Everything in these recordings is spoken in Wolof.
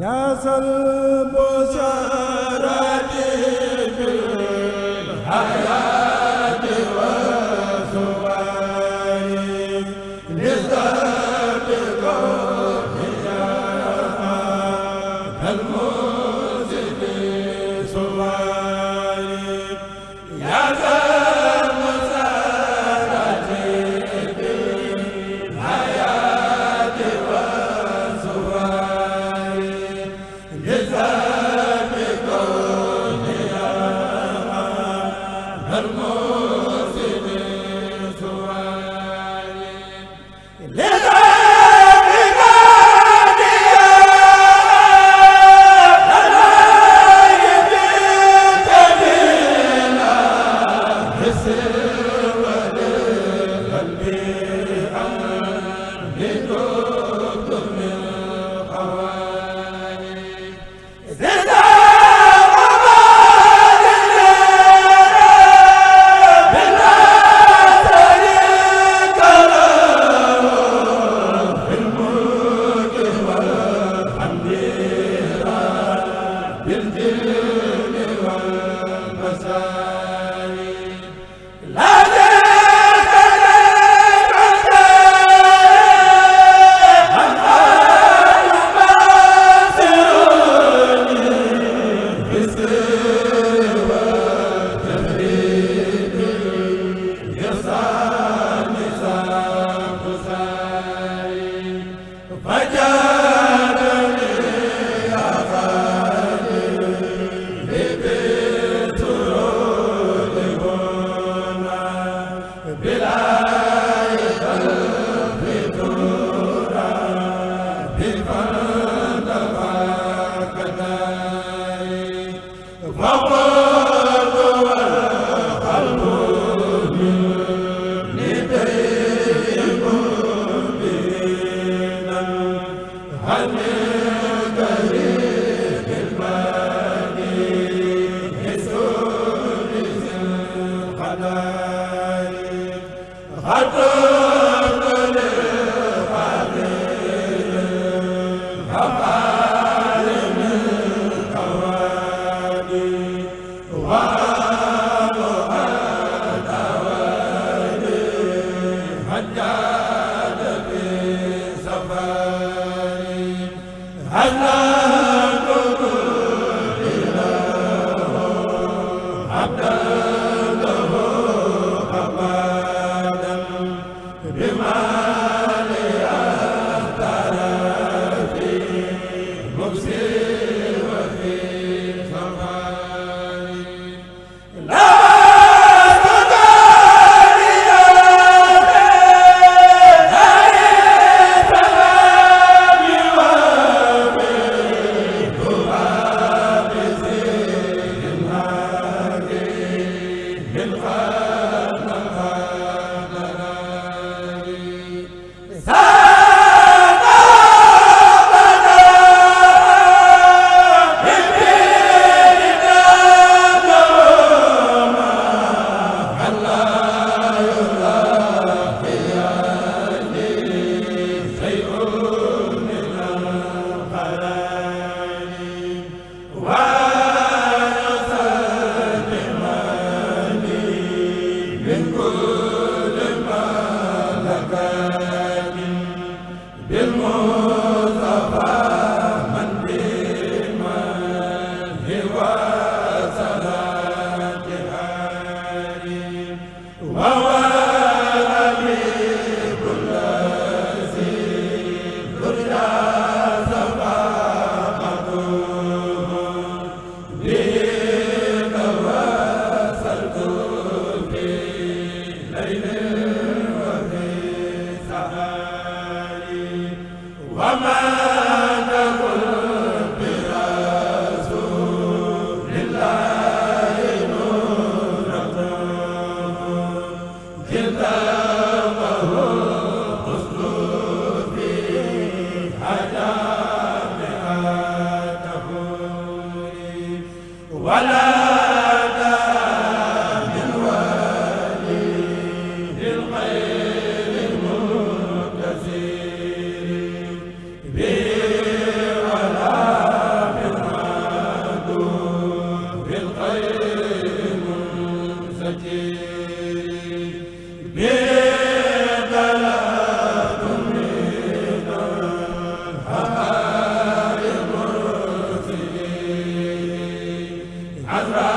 yaa sal boo sa sa bi bil yàlla Azra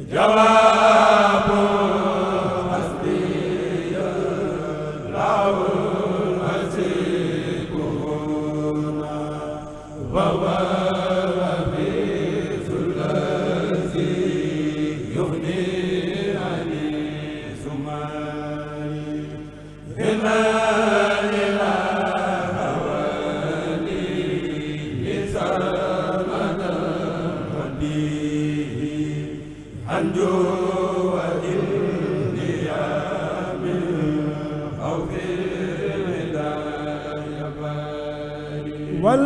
jama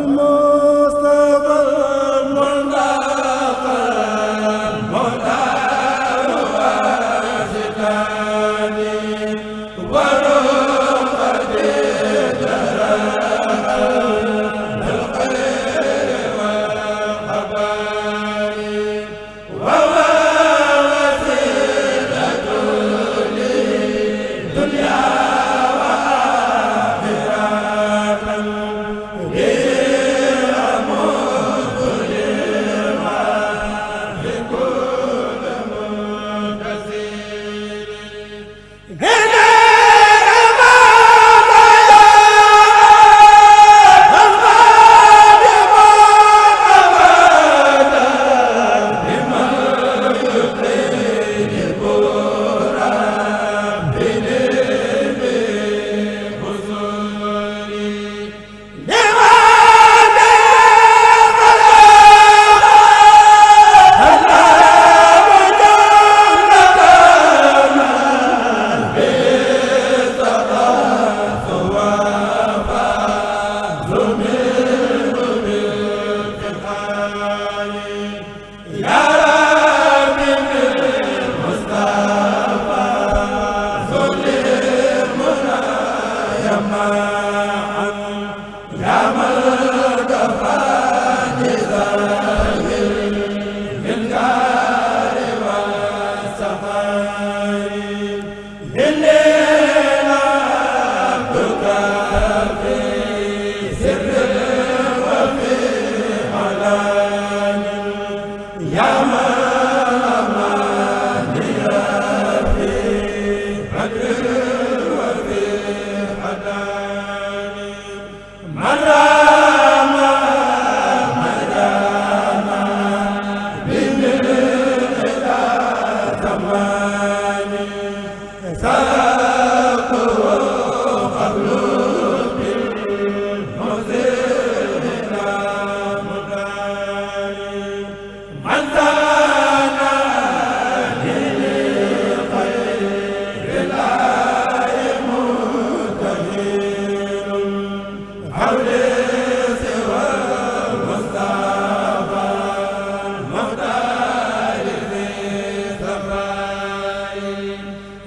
الموت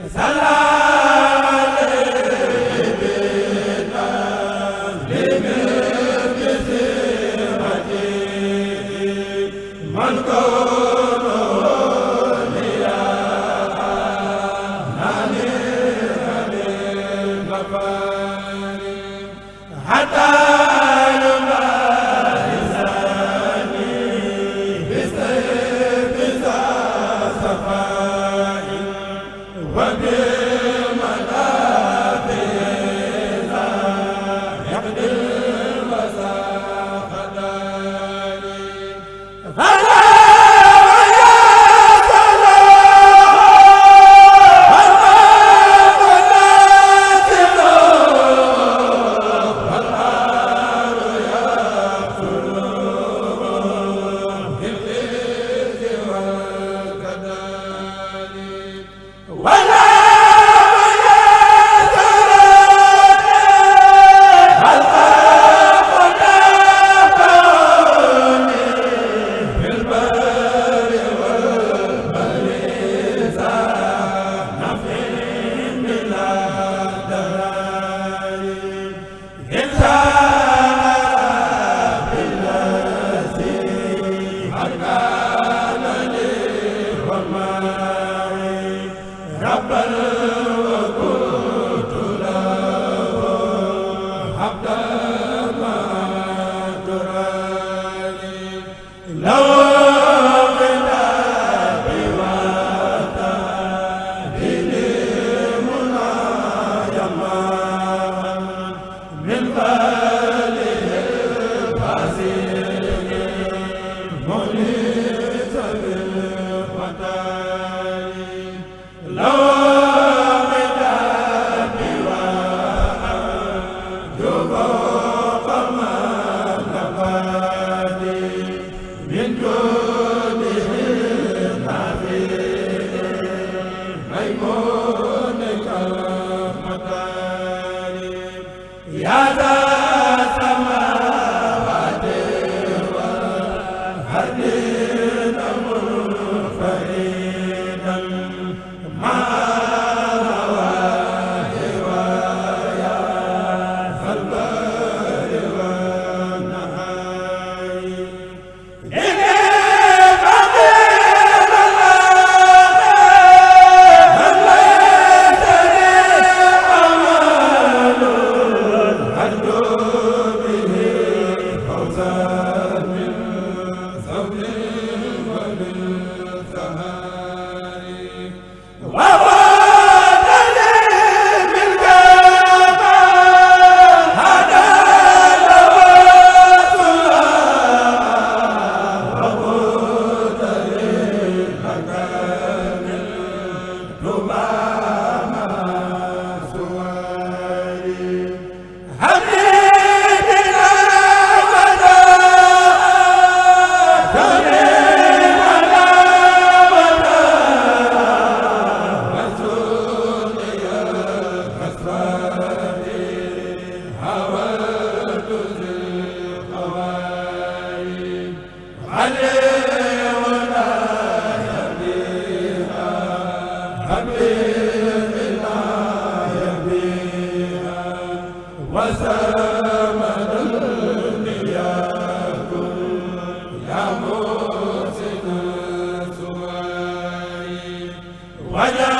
salaam Allah Insa waja